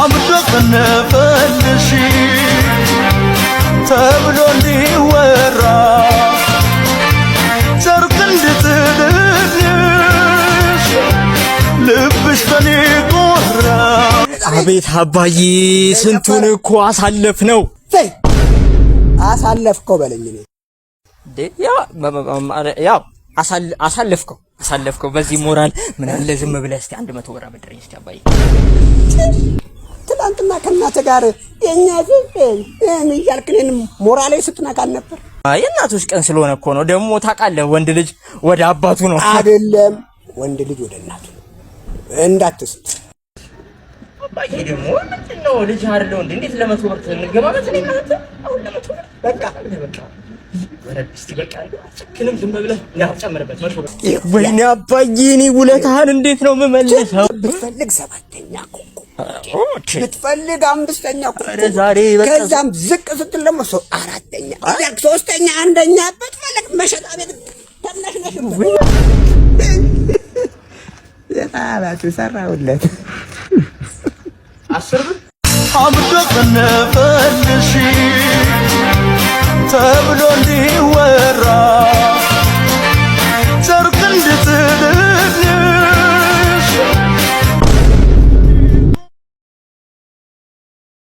አምደቅን ፈልሺ ተብሎ እንዲወራ ጨርቅ እንድትልልሽ ልብሽ በኔ ቆራ። አቤት አባዬ ስንቱን እኮ አሳለፍ ነው አሳለፍከው በለኝ። ያው አሳለፍከው አሳለፍከው። በዚህ ሞራል ምን አለ ዝም ብለህ እስቲ አንድ መቶ ብር አበድረኝ እስቲ አባዬ ትናንትና ከእናተ ጋር የኛ ፍፍ እያልክንን ሞራሌ ስትነካን ነበር። የእናቶች ቀን ስለሆነ እኮ ነው። ደግሞ ታውቃለህ፣ ወንድ ልጅ ወደ አባቱ ነው አይደለም፣ ወንድ ልጅ ወደ እናቱ እንዳትስት። አባዬ ደግሞ ምንድን ነው ልጅ አርደው እንዴ? እንዴት ለመቶ ብር እንገባበት? እኔ ካንተ አሁን ለመቶ ብር በቃ በቃ ወይኔ አባዬ፣ እኔ ውለታህን እንዴት ነው የምመልሰው? ብትፈልግ ሰባተኛ እኮ ብትፈልግ አምስተኛ ከዛም ዝቅ ስትል ደግሞ ሰው አራተኛ ሶስተኛ አንደኛ ብትፈልግ መሸጣ ቤት ተነሽ ሰራሁለት አስር ብር ተብሎ እንዲሁ